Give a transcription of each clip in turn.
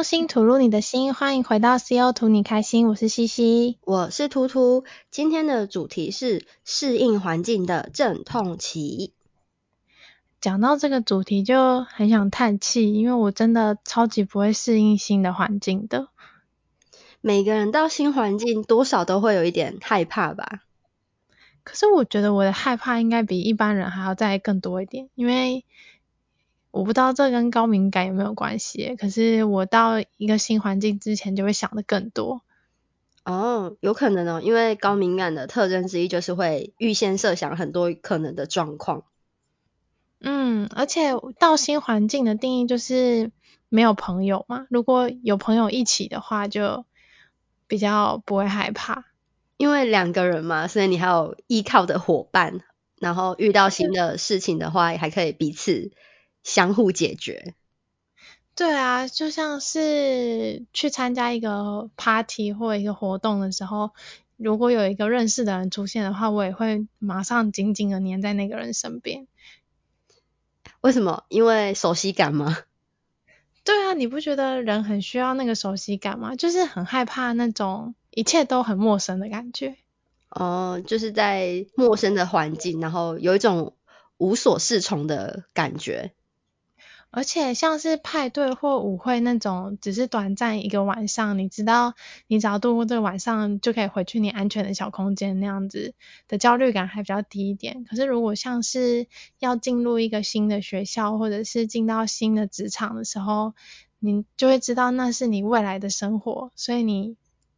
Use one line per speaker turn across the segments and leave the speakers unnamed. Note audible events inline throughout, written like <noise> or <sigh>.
用心吐露你的心，歡迎回到 C.O. 吐你開心，我是西西，我是圖圖。
今天的主題是適應環境的陣痛期。
講到這個主題就很想嘆氣，因為我真的超級不會適應新的環境的。每個人到新環境多少都會有一點害怕吧？可是我覺得我的害怕應該比一般人還要再更多一點，因為，我不知道這跟高敏感有沒有關係，可是我到一個新環境之前就會想的更多。哦，有可能哦，因為
高敏感的特徵之一就是會預先設想很多可能的狀況。
嗯，而且到新環境的定義就是沒有朋友嘛。如果有朋友一起的話，就比較不會害怕，因
為兩個人嘛，所以你還有依靠的夥伴。然後遇到新的事情的話，還可以彼此。嗯相互解決，
對啊，就像是去參加一個 party 或一個活動的時候，如果有一個認識的人出現的話，我也會馬上緊緊的黏在那個人身邊。
為什麼？因為熟悉感嗎？
對啊，你不覺得人很需要那個熟悉感嗎？就是很害怕那種一切都很陌生的感覺。
哦，就是在陌生的環境，然後有一種無所適從的感覺。
而且像是派對或舞會那種，只是短暫一個晚上，你知道，你只要度過這個晚上，就可以回去你安全的小空間，那樣子的焦慮感還比較低一點。可是如果像是要進入一個新的學校，或者是進到新的職場的時候，你就會知道那是你未來的生活，所以你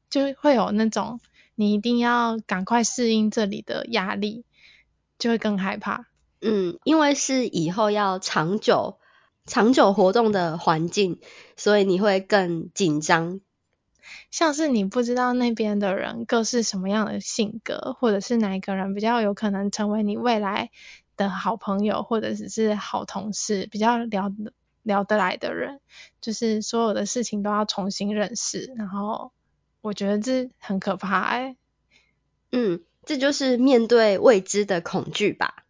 就會有那種你一定要趕快適應這裡的壓力，就會更害怕。嗯，因為
是以後要長久。長久活動的環境，所以你會
更緊張。像是你不知道那邊的人各是什麼樣的性格，或者是哪一個人比較有可能成為你未來的好朋友，或者是是好同事，比較聊聊得來的人，就是所有的事情都要重新認識。然後我覺得這很可怕欸。嗯，這就是面對未知的恐懼吧。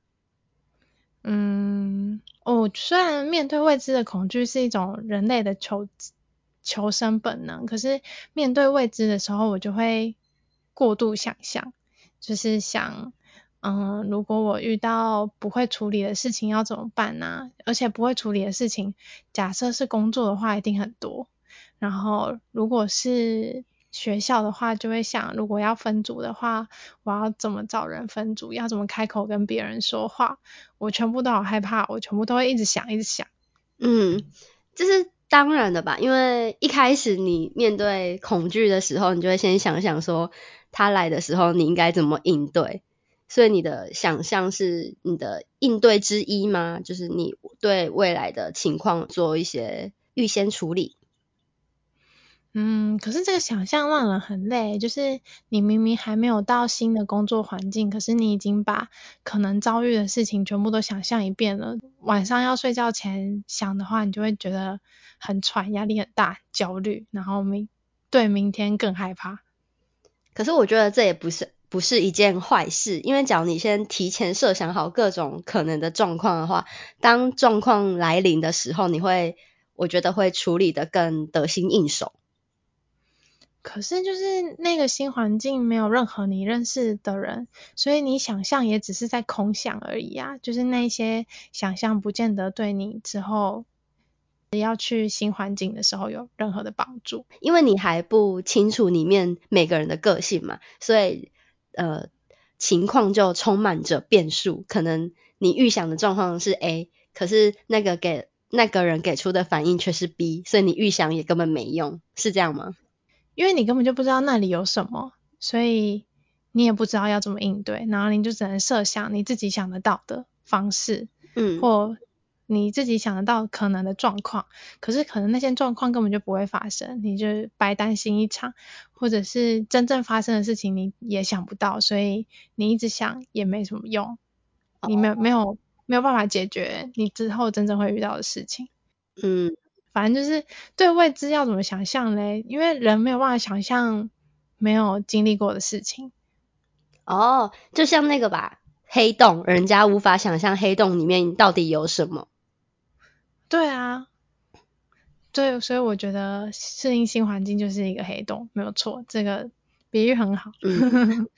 嗯，我、哦、雖然面對未知的恐懼是一種人類的求求生本能，可是面對未知的時候，我就會過度想象，就是想，嗯，如果我遇到不會處理的事情要怎麼辦呢、啊？而且不會處理的事情，假設是工作的話，一定很多。然後如果是學校的話，就會想，如果要分組的話，我要怎麼找人分組？要怎麼開口跟別人說話？我全部都好害怕，我全部都會一直想，一直想。嗯，這是當然的吧？因為
一開始你面對恐懼的時候，你就會先想想說，他來的時候你應該怎麼應對。所以你的想象是你的應對之一嗎？就是你對未來的情況做一些預先處理。
嗯，可是這個想象讓人很累。就是你明明還沒有到新的工作環境，可是你已經把可能遭遇的事情全部都想象一遍了。晚上要睡覺前想的話，你就會覺得很喘，壓力很大，焦慮，然後明對明天更害怕。
可是我覺得這也不是不是一件壞事，因為假如你先提前設想好各種可能的狀況的話，當狀況來臨的時候，你會我覺得會處理得更得心應手。
可是，就是那個新環境沒有任何你認識的人，所以你想象也只是在空想而已啊。就是那些想象不見得對你之後要去新環境的時候有任何的幫助，因為你還不清楚裡面每個人的個性嘛，所以
呃，情況就充滿着變數。可能你預想的狀況是 A，可是那個給那個人給出的反應卻是 B，所以你預想也根
本沒用，是這樣嗎？因為你根本就不知道那裡有什麼，所以你也不知道要怎麼應對，然後你就只能設想你自己想得到的方式，嗯，或你自己想得到可能的狀況，可是可能那些狀況根本就不會發生，你就白擔心一場，或者是真正發生的事情你也想不到，所以你一直想也沒什麼用，哦、你沒有沒有沒有辦法解決你之後真正會遇到的事情，嗯。反正就是對未知要怎麼想象嘞，因為人沒有辦法想象沒有經歷過的事情。哦，就像那個吧，黑洞，人家無法想象黑洞裡面
到底有什麼。
對啊，對，所以我覺得適應新環境就是一個黑洞，沒有錯，這個比喻很好 <laughs> 嗯。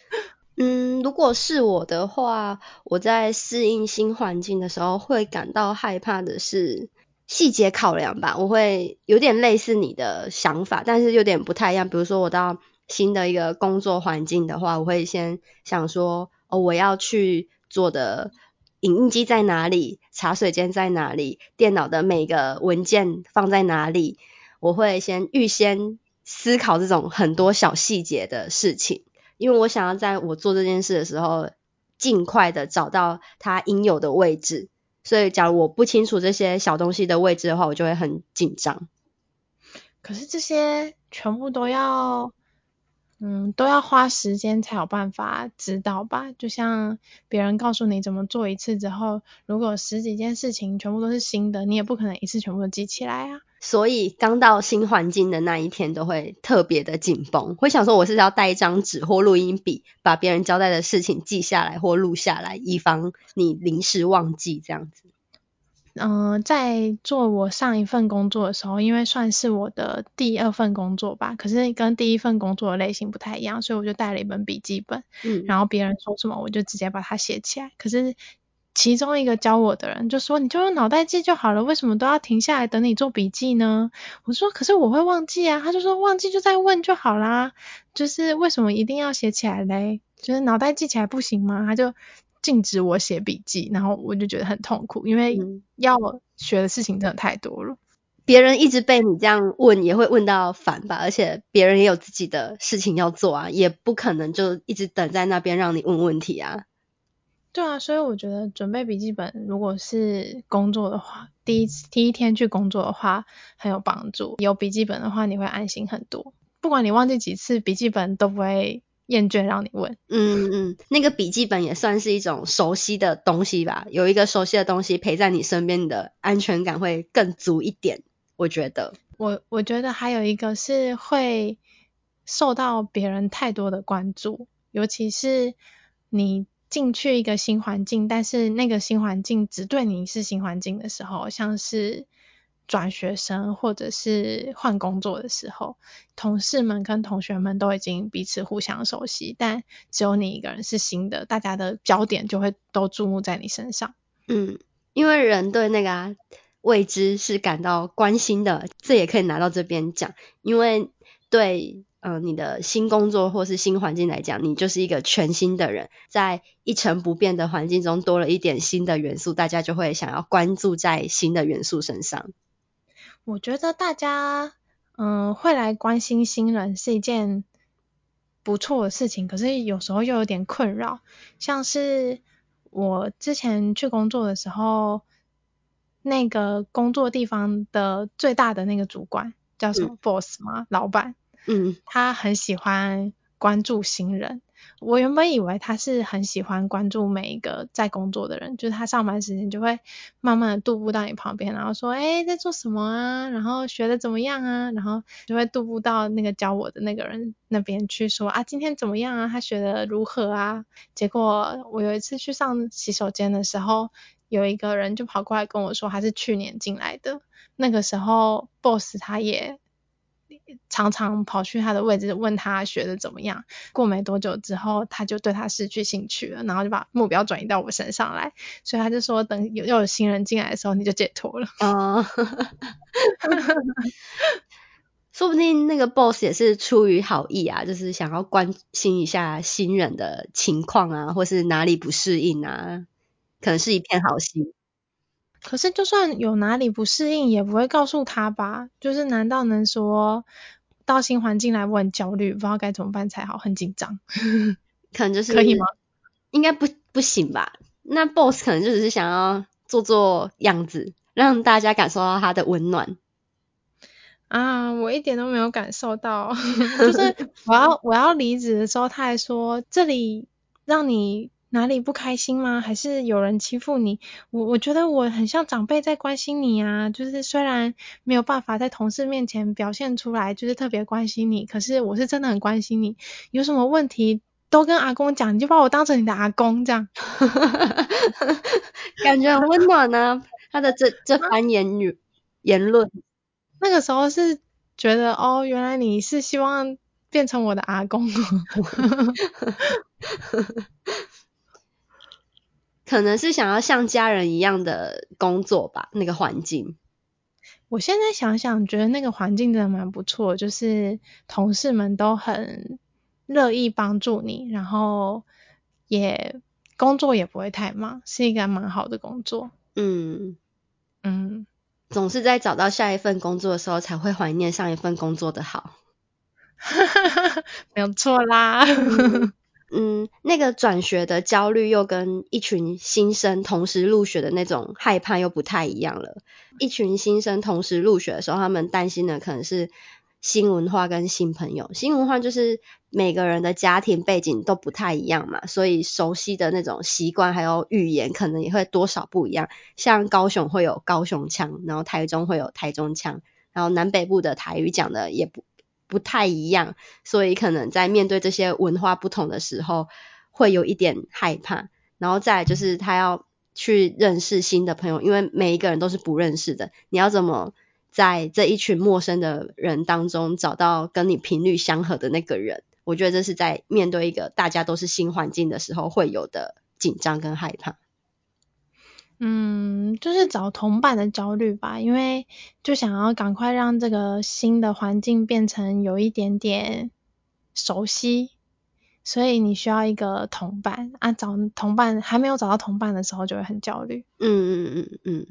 嗯，如果是我的話，我在適應新環境的時候會感到害怕的是細節考量吧，我會有點類似你的想法，但是有點不太一樣。比如說，我到新的一個工作環境的話，我會先想說，哦，我要去做的影印機在哪裡，茶水間在哪裡，電腦的每個文件放在哪裡，我會先預先思考這種很多小細節的事情，因為我想要在我做這件事的時候，盡快的找到它應有的位置。所以，假如我不清楚這些小東西的位置的話，我就會很緊張。
可是這些全部都要。嗯，都要花時間才有辦法知道吧。就像別人告訴你怎麼做一次之後，如果十幾件事情全部都是新的，你也不可能一次全部都記起來啊。所以剛到新環
境的那一天都會特別的緊繃。會想說，我是，是要帶一張紙或錄音筆，把別人交代的事情記下來或錄下來，以防你臨時忘記這樣子。
嗯、呃，在做我上一份工作的時候，因為算是我的第二份工作吧，可是跟第一份工作的類型不太一樣，所以我就帶了一本筆記本。嗯，然後別人說什麼，我就直接把它寫起來。可是其中一個教我的人就說：“你就用腦袋記就好了，為什麼都要停下來等你做筆記呢？”我說：“可是我會忘記啊。”他就說：“忘記就再問就好啦，就是為什麼一定要寫起來嘞？就是腦袋記起來不行嗎？”他就。禁止我寫筆記，然後我就覺得很痛苦，因為要學的事情真的太多了。嗯。別人一直被你這樣問，也
會問到煩吧？而且別人也有自己的事情要做啊，也不可能就一直等在那邊讓你問問題啊。
對啊，所以我覺得準備筆記本，如果是工作的話，第一次第一天去工作的話很有幫助。有筆記本的話，你會安心很多。不管你忘記幾次，筆記本都不會。厭倦讓你問，嗯
嗯，那個筆記本也算是一種熟悉的東西吧。有一個熟悉的東西陪在你身邊，你的安全感會更足一點。我覺得，
我我覺得還有一個是會受到別人太多的關注，尤其是你進去一個新環境，但是那個新環境只對你是新環境的時候，像是。轉學生或者是換工作的時候，同事們跟同學們都已經彼此互相熟悉，但只有你一個人是新的，大家的焦點就會都注目在你身上。嗯，
因為人對那個、啊、未知是感到關心的，這也可以拿到這邊講。因為對，嗯、呃，你的新工作或是新環境來講，你就是一個全新的人，在一成不變的環境中多了一點新的元素，大家就會想要關注在新的元素身上。
我覺得大家嗯、呃、會來關心新人是一件不錯的事情，可是有時候又有點困擾。像是我之前去工作的時候，那個工作地方的最大的那個主管叫什麼 boss 嗎？嗯、老闆，嗯，他很喜歡關注新人。我原本以為他是很喜歡關注每一個在工作的人，就是他上班時間就會慢慢的踱步到你旁邊，然後說：“哎、欸，在做什麼啊？然後學的怎麼樣啊？”然後就會踱步到那個教我的那個人那邊去說：“啊，今天怎麼樣啊？他學的如何啊？”結果我有一次去上洗手間的時候，有一個人就跑過來跟我說：“他是去年進來的，那個時候 boss 他也。”常常跑去他的位置問他學的怎麼樣，過沒多久之後他就對他失去興趣了，然後就把目標轉移到我身上來，所以他就說等又有，有新人進來的時候你就解脫了。
嗯， <laughs> <laughs> 說不定那個 boss 也是出於好意啊，就是想要關心一下新人的情況啊，或是哪裡不適應啊，可能是一片好心。
可是就算有哪裡不適應，也不會告訴他吧？就是難道能說到新環境來我很焦慮，不知道該怎麼辦才好，很緊張。可能就是可以嗎？應該不不行吧？那 boss 可能就只是想要做做
樣子，讓大家感受到他的溫暖。嗯。
啊，我一點都沒有感受到， <laughs> 就是我要 <laughs> 我要離職的時候，他還說這裡讓你。哪裡不開心嗎？還是有人欺負你？我我覺得我很像長輩在關心你啊，就是雖然沒有辦法在同事面前表現出來，就是特別關心你，可是我是真的很關心你。有什麼問題都跟阿公講，你就把我當成你的阿公這樣， <laughs> 感覺很溫暖呢、啊。 <laughs> 他的這這番言語言論，那個時候是覺得哦，原來你是希望變成我的阿公。 <laughs> <laughs>
可能是想要像家人一樣的工作吧，那個環境。
我現在想想，覺得那個環境真的蠻不錯，就是同事們都很樂意幫助你，然後也工作也不會太忙，是一個蠻好的工作。嗯嗯，
嗯，總是在找到下一份工作的時候，才會懷念上一份工作的好。哈哈哈哈哈，沒錯啦。嗯嗯，那個轉學的焦慮又跟一群新生同時入學的那種害怕又不太一樣了。一群新生同時入學的時候，他們擔心的可能是新文化跟新朋友。新文化就是每個人的家庭背景都不太一樣嘛，所以熟悉的那種習慣還有語言，可能也會多少不一樣。像高雄會有高雄腔，然後台中會有台中腔，然後南北部的台語講的也不不太一樣，所以可能在面對這些文化不同的時候，會有一點害怕。然後再來就是他要去認識新的朋友，因為每一個人都是不認識的。你要怎麼在這一群陌生的人當中找到跟你頻率相合的那個人？我覺得這是在面對一個大家都是新環境的時候會有的緊張跟害怕。
嗯，就是找同伴的焦慮吧，因為就想要趕快讓這個新的環境變成有一點點熟悉，所以你需要一個同伴啊，找同伴還沒有找到同伴的時候就會很焦慮。嗯嗯嗯
嗯嗯。嗯嗯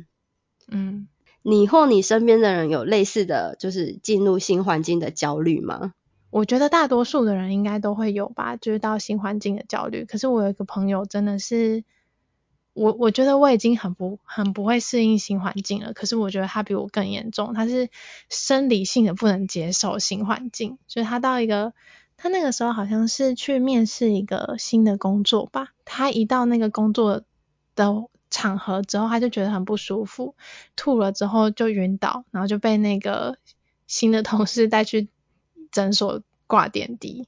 嗯，你或你身邊的人有類似的就是進入新環境的焦慮嗎？
我覺得大多數的人應該都會有吧，就是到新環境的焦慮。可是我有一個朋友真的是。我我覺得我已經很不很不會適應新環境了，可是我覺得他比我更嚴重，他是生理性的不能接受新環境，所以他到一個他那個時候好像是去面試一個新的工作吧，他一到那個工作的場合之後，他就覺得很不舒服，吐了之後就暈倒，然後就被那個新的同事帶去診所掛點滴。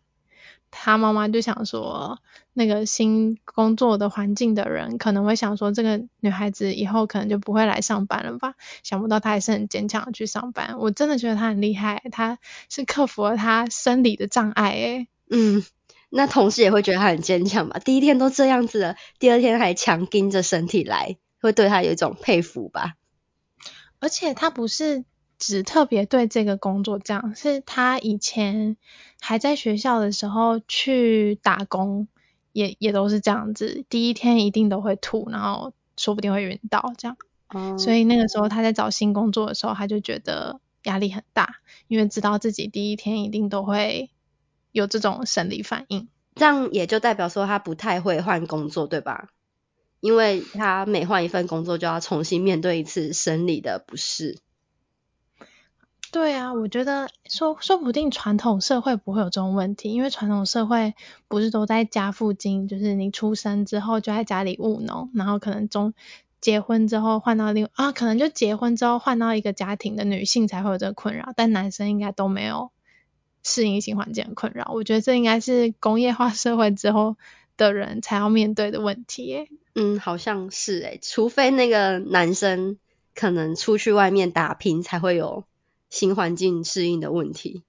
她媽媽就想說，那個新工作的環境的人可能會想說，這個女孩子以後可能就不會來上班了吧？想不到她還是很堅強的去上班，我真的覺得她很厲害，她是克服了她生理的障礙欸。嗯，那同事也會覺得她很堅
強吧？第一天都這樣子了，第二天還強撐著身體來，會對她有一種佩
服吧？而且她不是。只特別對這個工作這樣，是他以前還在學校的時候去打工也，也也都是這樣子。第一天一定都會吐，然後說不定會暈倒這樣。嗯。所以那個時候他在找新工作的時候，他就覺得壓力很大，因為知道自己第一天一定都會有這種生理反應。這樣也就代表說
他不太會換工作，對吧？因為他每換一份工作，就要重新面對一次生理的不適。
對啊，我覺得說說不定傳統社會不會有這種問題，因為傳統社會不是都在家附近，就是你出生之後就在家裡務農，然後可能中結婚之後換到另啊，可能就結婚之後換到一個家庭的女性才會有這個困擾，但男生應該都沒有適應新環境的困擾。我覺得這應該是工業化社會之後的人才要面對的問題。嗯，好像是誒，欸，除非那個男
生可能出去外面打拼才會有。新環境適應的問題，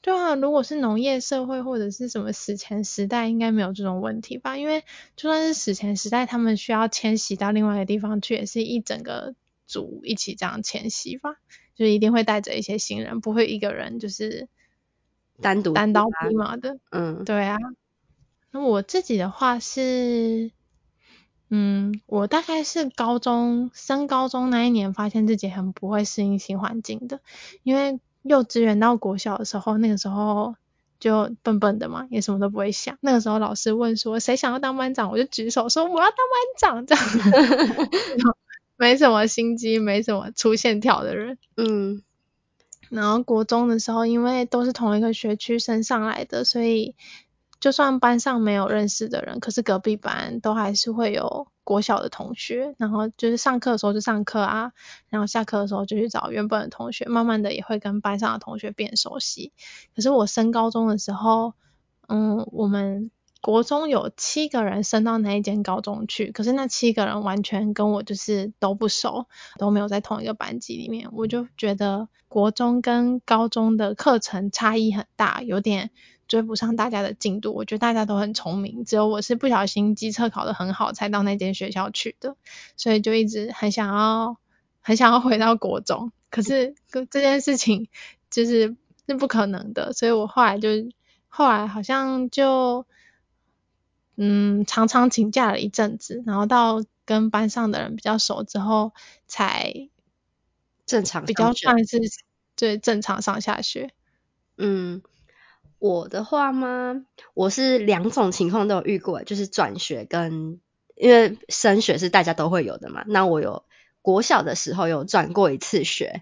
對啊，如果是農業社會或者是什麼史前時代，應該沒有這種問題吧？因為就算是史前時代，他們需要遷徙到另外一個地方去，也是一整個組一起這樣遷徙吧？就是、一定會帶着一些新人，不會一個人就是單獨單刀匹馬的。嗯，對啊。那我自己的話是。嗯，我大概是高中升高中那一年，發現自己很不會適應新環境的。因為幼稚園到國小的時候，那個時候就笨笨的嘛，也什麼都不會想。那個時候老師問說誰想要當班長，我就舉手說我要當班長，這樣， <laughs> 沒什麼心機，沒什麼出線條的人。嗯，然後國中的時候，因為都是同一個學區升上來的，所以。就算班上沒有認識的人，可是隔壁班都還是會有國小的同學。然後就是上課的時候就上課啊，然後下課的時候就去找原本的同學，慢慢的也會跟班上的同學變熟悉。可是我升高中的時候，嗯，我們。國中有七個人升到那一間高中去，可是那七個人完全跟我就是都不熟，都沒有在同一個班級裡面。我就覺得國中跟高中的課程差異很大，有點追不上大家的進度。我覺得大家都很聰明，只有我是不小心基測考得很好才到那間學校去的，所以就一直很想要，很想要回到國中。可是這件事情就是是不可能的，所以我後來就後來好像就。嗯，常常請假了一陣子，然後到跟班上的人比較熟之後，才正常，比較算是最正常上下學，常學。嗯，
我的話嗎，我是兩種情況都有遇過，就是轉學跟因為升學是大家都會有的嘛。那我有國小的時候有轉過一次學，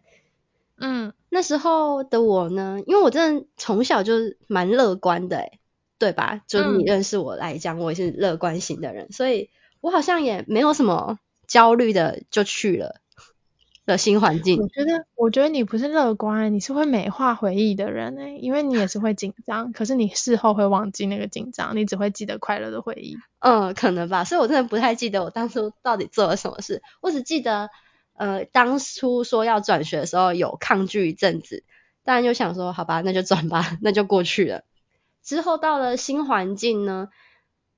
嗯，那時候的我呢，因為我真的從小就蠻樂觀的誒。對吧？就你認識我來講，嗯、我也是樂觀型的人，所以我好像也沒有什麼焦慮的，就去了的新環境。我覺
得，我覺得你不是樂觀，你是會美化回憶的人哎，因為你也是會緊張， <laughs> 可是你事後會忘記那個緊張，你只會記得快樂的回憶。嗯，可能吧。所以我真的不太記得我當初到底做了什麼事，我只記得，
呃，當初說要轉學的時候有抗拒一陣子，但又想說，好吧，那就轉吧，那就過去了。之後到了新環境呢，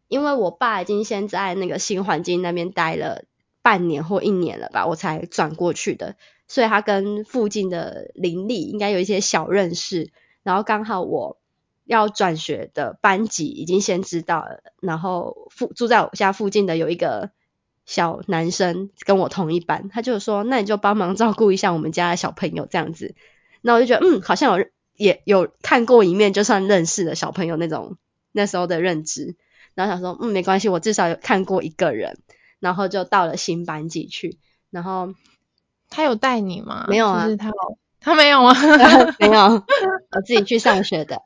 因為我爸已經先在那個新環境那邊待了半年或一年了吧，我才轉過去的，所以他跟附近的鄰里應該有一些小認識。然後剛好我要轉學的班級已經先知道了，然後附住在我家附近的有一個小男生跟我同一班，他就說：“那你就幫忙照顧一下我們家的小朋友這樣子。”那我就覺得嗯，好像有。也有看過一面就算認識的小朋友那種那時候的認知，然後想說嗯沒關係，我至少有看過一個人，然後就到了新班級去，然後
他有帶你嗎？沒有啊，他有他沒有啊？沒有，
我自己去上學的。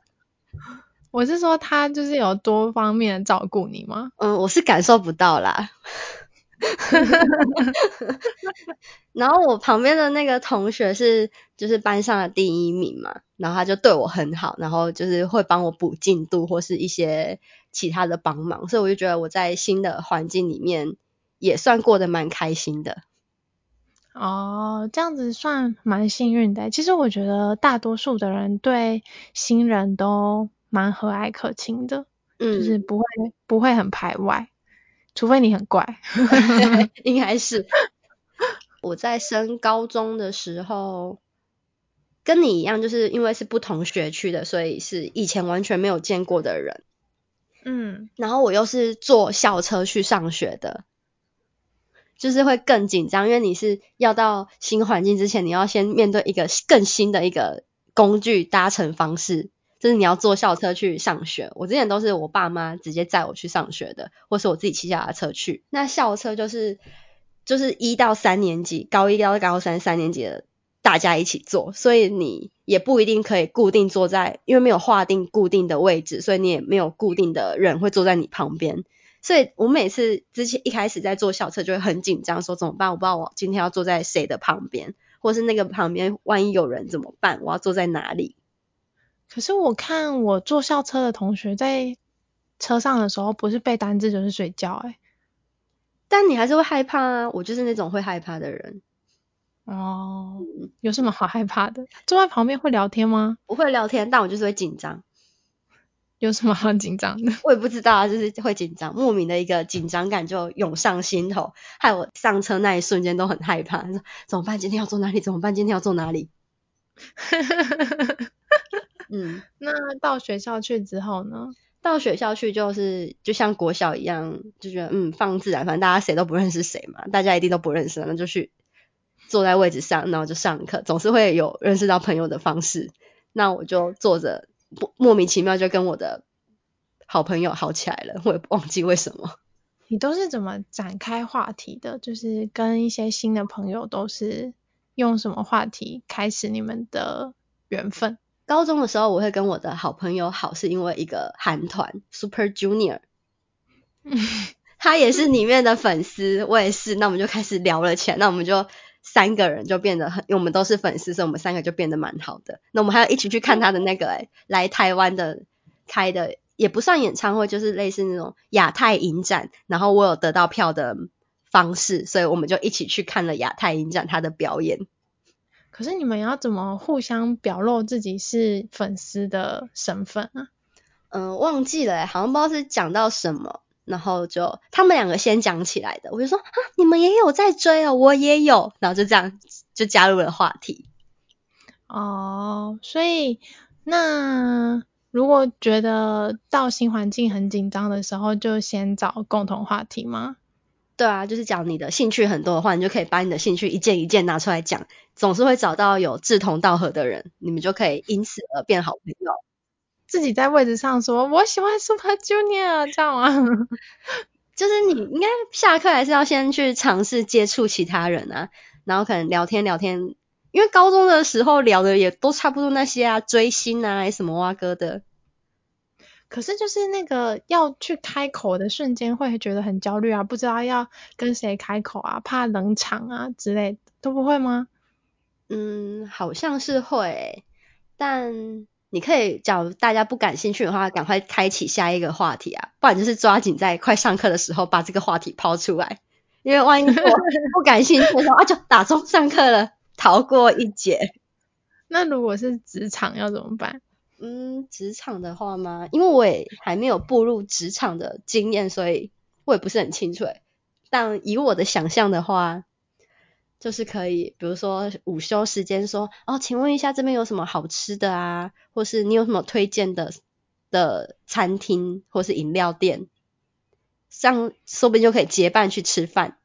我
是說他就是有多方面照顧你嗎？嗯，
我是感受不到啦。 <laughs> <laughs> <laughs> <laughs> 然後我旁邊的那個同學是就是班上的第一名嘛，然後他就對我很好，然後就是會幫我補進度或是一些其他的幫忙，所以我就覺得我在新的環境裡面也算過得蠻開心的。
哦，這樣子算蠻幸運的。其實我覺得大多數的人對新人都蠻和藹可親的，嗯、就是不會不會很排外。除非你很怪， <laughs> <laughs> 應該是。
<laughs> 我在升高中的時候，跟你一樣，就是因為是不同學區的，所以是以前完全沒有見過的人。嗯，然後我又是坐校車去上學的，就是會更緊張，因為你是要到新環境之前，你要先面對一個更新的一個工具搭乘方式。就是你要坐校車去上學。我之前都是我爸媽直接載我去上學的，或是我自己騎腳踏車去。那校車就是就是一到三年級、高一到高三三年級的大家一起坐，所以你也不一定可以固定坐在，因為沒有劃定固定的位置，所以你也沒有固定的人會坐在你旁邊。所以我每次之前一開始在坐校車就會很緊張，說怎麼辦？我不知道我今天要坐在誰的旁邊，或是那個旁邊萬一有人怎麼辦？我要坐在哪裡？
可是我看我坐校車的同學在車上的時候，不是背單字就是睡覺，哎，但你還是會害怕啊！我就是那種會害怕的人。哦，有什麼好害怕的？坐在旁邊會聊天嗎？不會聊天，但我就是會緊張。有什麼好緊張的？ <laughs> 我也不知道啊，就是會緊
張，莫名的一個緊張感就湧上心頭，害我上車那一瞬間都很害怕，怎麼辦？今天要坐哪裡？怎麼辦？今天要坐哪裡？呵呵呵呵。
嗯，那到學校去之後呢？
到學校去就是，就像國小一樣，就覺得嗯，放自然，反正大家誰都不認識誰嘛，大家一定都不認識，那就去坐在位置上，然後就上課。總是會有認識到朋友的方式，那我就坐着莫名其妙就跟我的好朋友好起來了，我也忘記為什麼。
你都是怎麼展開話題的？就是跟一些新的朋友都是用什麼話題開始你們的緣分？高中
的時候，我會跟我的好朋友好，是因為一個韓團 Super Junior，
<laughs>
他也是裡面的粉絲，我也是，那我們就開始聊了起來，那我們就三個人就變得很，因為我們都是粉絲，所以我們三個就變得蠻好的。那我們還要一起去看他的那個、欸，來台灣的開的也不算演唱會，就是類似那種亞太影展，然後我有得到票的方式，所以我們就一起去看了亞太影展他的表演。
可是你們要怎麼互相表露自己是
粉絲的身份啊？嗯、呃，忘記了，好像不知道是講到什麼，然後就他們兩個先講起來的，我就說啊，你們也有在追啊、哦，我也有，然後就這樣就加入了話題。
哦，所以那如果覺得到新環境很緊張的時候，就先找共同話題嗎？對啊，就是講你的興趣很多的話，你就可以把你的興趣一
件一件拿出來講，總是會找到有志同道合的人，你們就可以因此而變好朋友。
自己在位置上說“我喜歡 Super Junior” 這樣啊，
就是你應該下課還是要先去嘗試接觸其他人啊，然後可能聊天聊天，因為高中的時候聊的也都差不多那些啊，追星啊還什麼哇，哥的。
可是就是那個要去開口的瞬間，會覺得很焦慮啊，不知道要跟誰開口啊，怕冷場啊之類的，都不會嗎？嗯，好像是會，但
你可以假如大家不感興趣的話，趕快開啟下一個話題啊，不然就是抓緊在快上課的時候把這個話題拋出來，因為萬一我不感興趣的話、 <laughs> 啊、就打鐘上課了，逃過一劫。那如果是職場要怎麼辦？嗯，職場的話嗎？因為我也還沒有步入職場的經驗，所以我也不是很清楚。但以我的想象的話，就是可以，比如說午休時間說，哦，請問一下這邊有什麼好吃的啊？或是你有什麼推薦的的餐廳或是飲料店？
這樣說不定就可以
結伴去吃飯。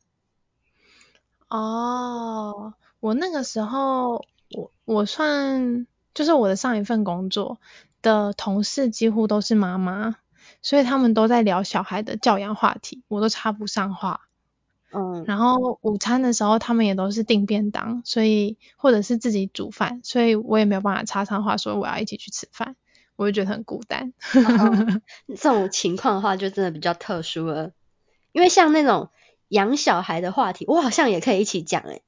哦，我那個時候，我我算。就是我的上一份工作的同事幾乎都是媽媽，所以他們都在聊小孩的教養話題，我都插不上話。嗯，然後午餐的時候他們也都是訂便當，所以或者是自己煮飯，所以我也沒有辦法插上話，所以我要一起去吃飯，我就覺得很孤單。 <laughs> 哦哦，這種情況的話，就真的比較特殊
了，因為像那種養小孩的話題，我好像也可以一起講誒、欸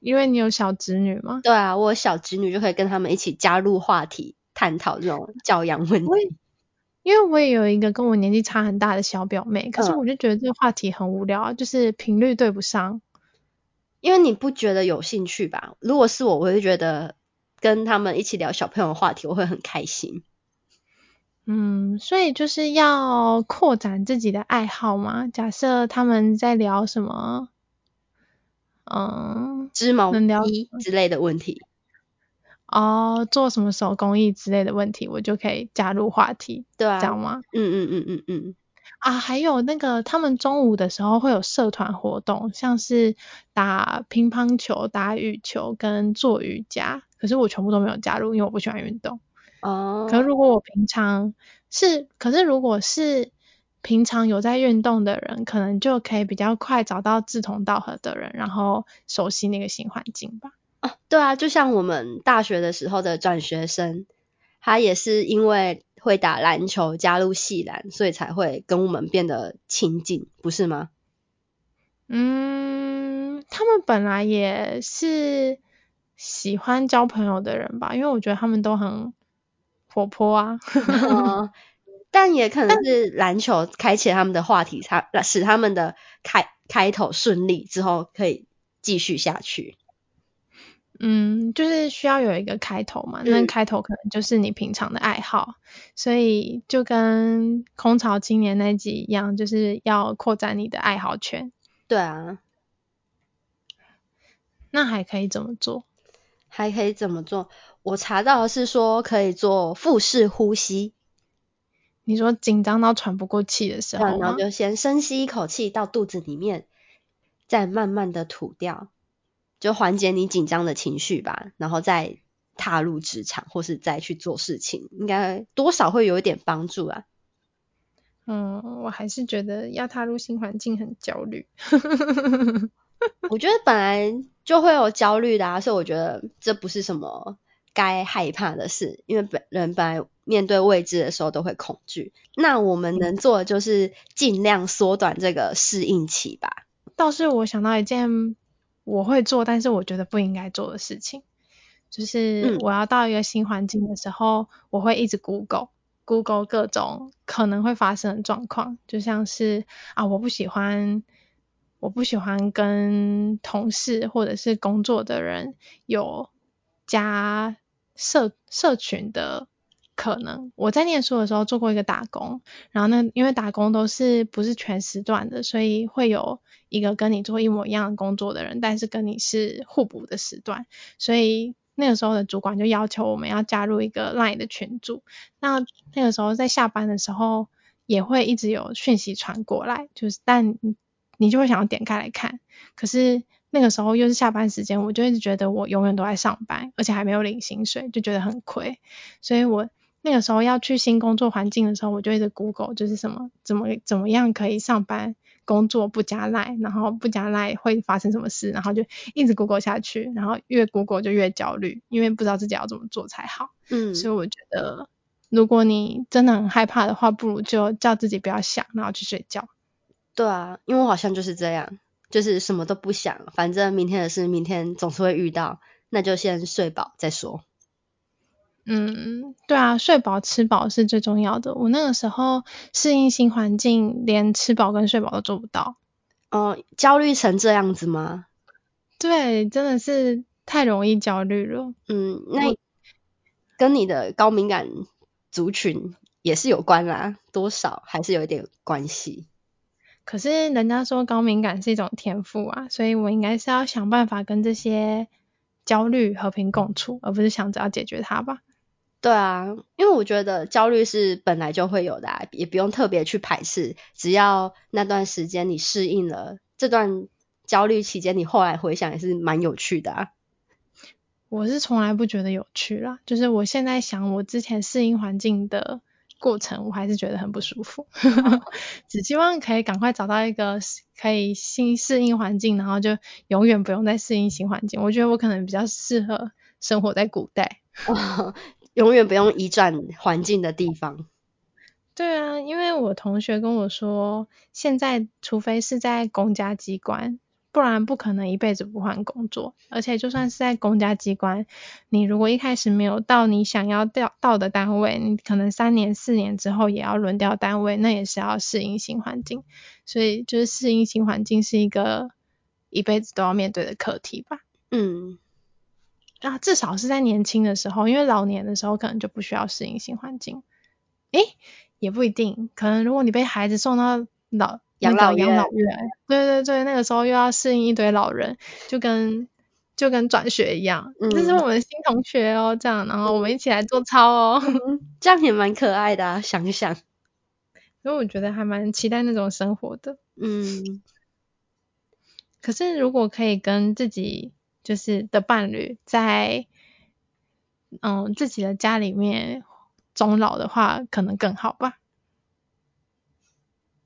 因為你有小侄女嗎？對啊，我小侄女，就可以跟他們一起加入話題，探討這種教養問題。因為我也有一個跟我年紀差很大的小表妹，可是我就覺得這個話題很無聊，嗯、就是頻率對不上。因為你
不覺得有興趣吧？如果是我，我就覺得跟他們一起聊小朋友的話題，我會很開心。嗯，
所以就是要擴展自己的愛好嘛。假設他們在聊什麼？嗯。織毛衣之類的問題哦，oh，做什麼手工藝之類的問題，我就可以加入話題，對啊，知道嗎？嗯嗯
嗯嗯嗯，嗯嗯嗯
啊，還有那個，他們中午的時候會有社團活動，像是打乒乓球、打羽球跟做瑜伽，可是我全部都沒有加入，因為我不喜歡運動。哦，oh。可是如果我平常是，可是如果是。平常有在運動的人，可能就可以比較快找到志同道合的人，然後熟悉那個新環境吧。
啊對啊，就像我們大學的時候的轉學生，他也是因為會打籃球加入系籃，所以才會跟我們變得
親近，不是嗎？嗯，他們本來也是喜歡交朋友的人吧，因為我覺得他們都很活潑啊。 <laughs> 哦但也可能是籃球開啟他們的
話題，才但，使他們的開開頭順利之後可以繼續下去。
嗯，就是需要有一個開頭嘛，那、嗯、開頭可能就是你平常的愛好，所以就跟空巢青年那集一樣，就是要擴展你的愛好圈。對啊，那還可以怎麼做？還可以怎麼做？我查到是說可以做腹式呼吸。你說緊張到喘不過氣的時候啊，然後就
先深吸一口氣到肚子裡面，再慢慢的吐掉，就緩解你緊張的情緒吧，然後再踏入職場或是再去做事情，應該多少會有一點幫助啊。嗯，
我還是覺得要踏入新環境很焦慮。 <laughs> 我覺得本來
就會有焦慮的啊，所以我覺得這不是什麼。該害怕的事，因為本人本來面對未知的時候都會恐懼。那我們能做的就是儘量縮短這個適應期吧。
倒是我想到一件我會做，但是我覺得不應該做的事情，就是我要到一個新環境的時候，嗯、我會一直 Google，Google 各種可能會發生的狀況，就像是啊，我不喜歡我不喜歡跟同事或者是工作的人有。加社社群的可能，我在念書的時候做過一個打工，然後那因為打工都是不是全時段的，所以會有一個跟你做一模一樣的工作的人，但是跟你是互補的時段，所以那個時候的主管就要求我們要加入一個 Line 的群組，那那個時候在下班的時候也會一直有訊息傳過來，就是但你就會想要點開來看，可是。那個時候又是下班時間，我就一直覺得我永遠都在上班，而且還沒有領薪水，就覺得很虧。所以我那個時候要去新工作環境的時候，我就一直 Google，就是什麼怎麼怎麼樣可以上班工作不加賴，然後不加賴會發生什麼事，然後就一直 Google 下去，然後越 Google 就越焦慮，因為不知道自己要怎麼做才好。嗯，所以我覺得如果你真的很害怕的話，不如就叫自己不要想，然後去睡覺。
對啊，因為我好像就是這樣。就是什麼都不想，反正明天的事明天總是會遇到，那就先睡飽再說。
嗯，對啊，睡飽吃飽是最重要的。我那個時候適應新環境，連吃飽跟睡飽都做不到。哦、呃，焦慮成這樣子嗎？對，真的是太容易焦慮了。嗯，那跟你的高
敏感族群也是有關啦，多少還是有一點關係。
可是人家說高敏感是一種天賦啊，所以我應該是要想辦法跟這些焦慮和平共處，而不是想着要解決它吧？對啊，
因為我覺得焦慮是本來就會有的啊，也不用特別去排斥，只要那段時間你適應了，這段焦慮期間你後來回想也是蠻有趣的啊。
我是從來不覺得有趣啦，就是我現在想我之前適應環境的過程我還是覺得很不舒服， <laughs> 只希望可以趕快找到一個可以新適應環境，然後就永遠不用再適應新環境。我覺得我可能比較適合生活在古代，哦、
永遠不用移轉環境的地方。
<laughs> 對啊，因為我同學跟我說，現在除非是在公家機關。不然不可能一輩子不換工作，而且就算是在公家機關，你如果一開始沒有到你想要調到的單位，你可能三年四年之後也要輪調單位，那也是要適應新環境。所以就是適應新環境是一個一輩子都要面對的課題吧。嗯，啊，至少是在年輕的時候，因為老年的時候可能就不需要適應新環境。誒，也不一定，可能如果你被孩子送到老，養老養老院，對對對，那個時候又要適應一堆老人，就跟就跟轉學一樣，嗯，這是我們新同學哦，這樣，然後我們一起來做操哦，嗯，這樣也蠻可愛的，啊，想一想，所以我覺得還蠻期待那種生活的，嗯，可是如果可以跟自己就是的伴侶在，嗯，自己的家裡面終老的話，可能更好吧。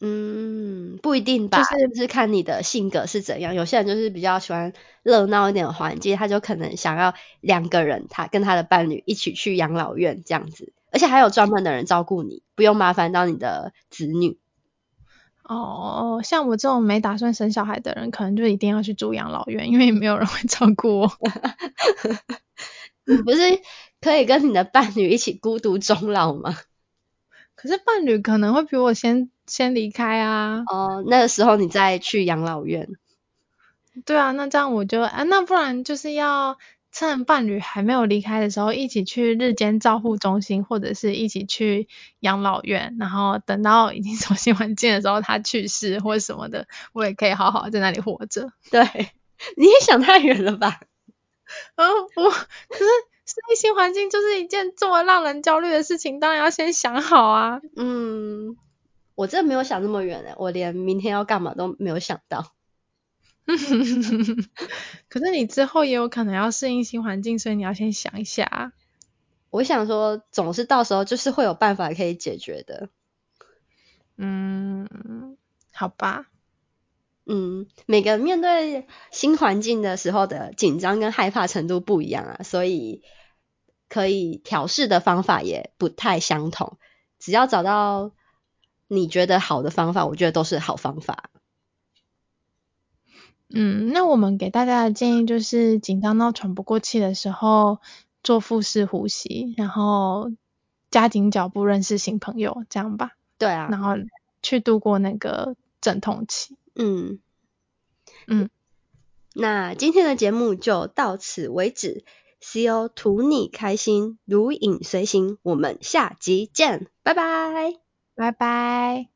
嗯，不一定吧，就是看你的性格是怎樣。有些人就是比較喜歡熱鬧一點的環境，他就可能想要兩個人，他跟他的伴侶一起去養老院這樣
子，而且還有專門的人照顧你，不用麻煩到你的子女。哦，像我這種沒打算生小孩的人，可能就一定要去住養老院，因為沒有人會照顧我。你、 <laughs> <laughs> 嗯、不是可以跟你的伴侶一起孤獨終老嗎？可是伴侶可能會比我先先離開啊，哦，那個時候你再去養老院，對啊，那這樣我就，啊，那不然就是要趁伴侶還沒有離開的時候，一起去日間照護中心或者是一起去養老院，然後等到已經重新環境的時候他去世或什麼的，我也可以好好在那裡活着。對，你也想太遠了吧？啊、嗯，我可是。 <laughs> 適應新環境就是一件這麼讓人焦慮的事情，當然要先想好啊。嗯，我真的沒有想那麼遠耶，我連明天要幹嘛都沒有想到。 <laughs> <laughs> 可是你之後也有可能要適應新環境，所以你要先想一下。
我想說，總是到時候就是會有辦法可以解決的。嗯，好吧。嗯，每個人面對新環境的時候的緊張跟害怕程度不一樣啊，所以。可以調試的方法也不太相同，只要找到你覺得好的方法，我覺得都是好方法。
嗯，那我們給大家的建議就是，緊張到喘不過氣的時候，做腹式呼吸，然後加緊腳步認識新朋友，這樣吧。對啊。然後去度過那個陣痛期。嗯。嗯。那今天的節目
就到此為止。See you，圖你開心，如影隨形。我們下集見，拜拜，拜拜。